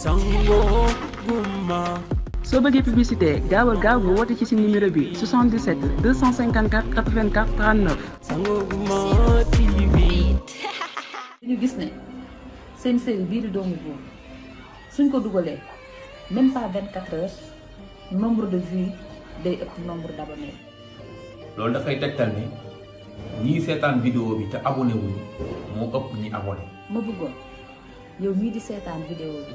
sango gumba soo bëggee publicité gaawal gaaw nga woote ci si numéro bi 77 254 84 39. sango gumba TV. ñu gis ne seen série bii di doomu góor suñ ko dugalee même pas 24 heures nombre de vues day ëpp nombre d'abonnés. loolu dafay tegtal ni ñii seetaan vidéo bi te abonné wuñu moo ëpp ñi abonné. ma bëggoon yow mii di seetaan vidéo bi.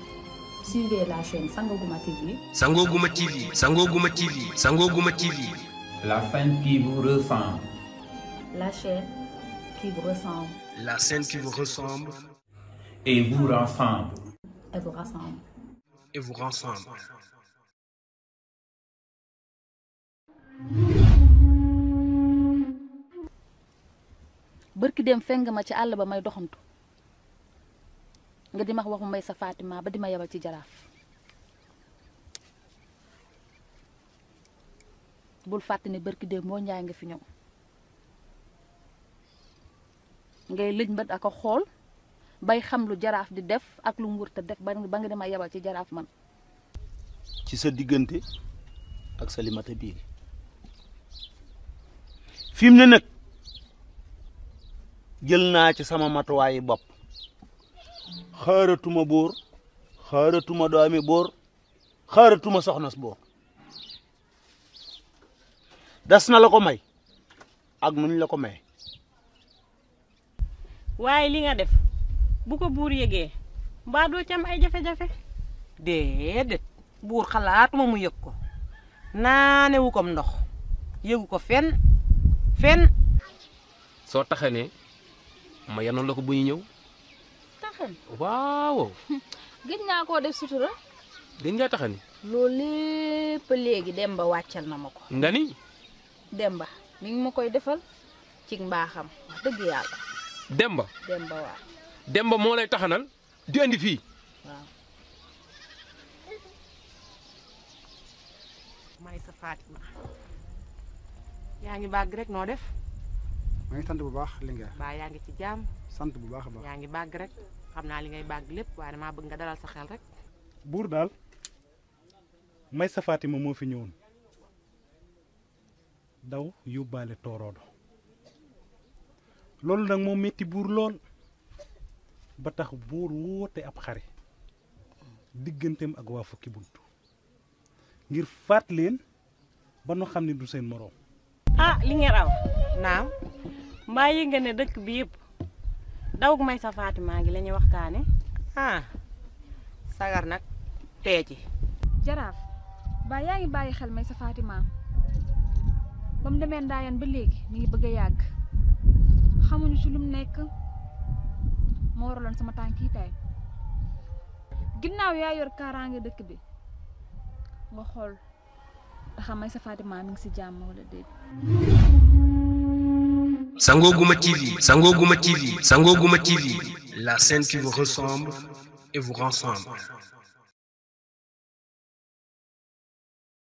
Suivez la chaîne Sangoguma TV. Sangoguma TV, Sangoguma TV, Sangoguma TV. La fin qui vous ressemble. La chaîne qui vous ressemble. La scène qui vous ressemble. Et vous rassemble. Et vous rassemble. Et vous rassemble. bërki dem feng ma ci Allah ba may doxantu nga dima waxu may sa Fatima ba dima yabal ci jaraf bul fatine barki de mo nyaay nga fi ñëw ngay lëj mbët ak xol bay xam lu jaraf di def ak lu mu def ba nga dima yabal ci jaraf man ci sa diggante ak salimata bi fim fi mu ne nag jël ci sama matuwaye bop xaaratuma buur xaaratuma doomi buur xaaratuma soxnas buur des na la ko may ak nuñ la ko may waaye li nga def bu ko buur yëgee mbaa doo ci am ay jafe-jafe déedéet buur xalaatuma mu yëg ko naanewu kom ndox yëgu ko fenn fenn soo taxanee ma yanoon la ko bu ñu ñëw taxani waaw gëj naa koo def sutura gëj ngaa taxani loolu lépp léegi demba wàccal na ma ko nga ni demba mi ngi ma koy defal ci mbaaxam wax dëgg yàlla demba demba waaw demba moo lay taxanal di andi fii waaw may sa fatima yaa ngi bàgg rek noo def maa ngi sant bu baax li nga baa yaa ci jàmm sant bu baax a baax yaa rek xam naa li ngay bàgg lépp waaye damaa bëgg nga dalal sa xel rek. buur daal may sa Fatima moo fi ñëwoon daw yóbbaale tooroodo loolu nag moo metti buur lool ba tax buur woote ab xare digganteem ak waa fukki bunt ngir faat leen ba nu xam ne du seen moroom. ah li ngeen aw naam mbaa yëg nga ne dëkk bi yépp daw may sa Fatima gi lañu waxtane ha sagar nak, teji Jaraf. ba yaangi baye xel may sa Fatima bam demé ndayan ba légui mi ngi bëgg yaag xamuñu ci lum nekk mo sama tanki tay ginnaw ya, yor kaaraange dëkk bi nga xol ndax sa Fatima mi ngi si jamu wala déet Sangoguma TV, Sangoguma TV, Sangoguma TV, la scène qui vous ressemble et vous rassemble.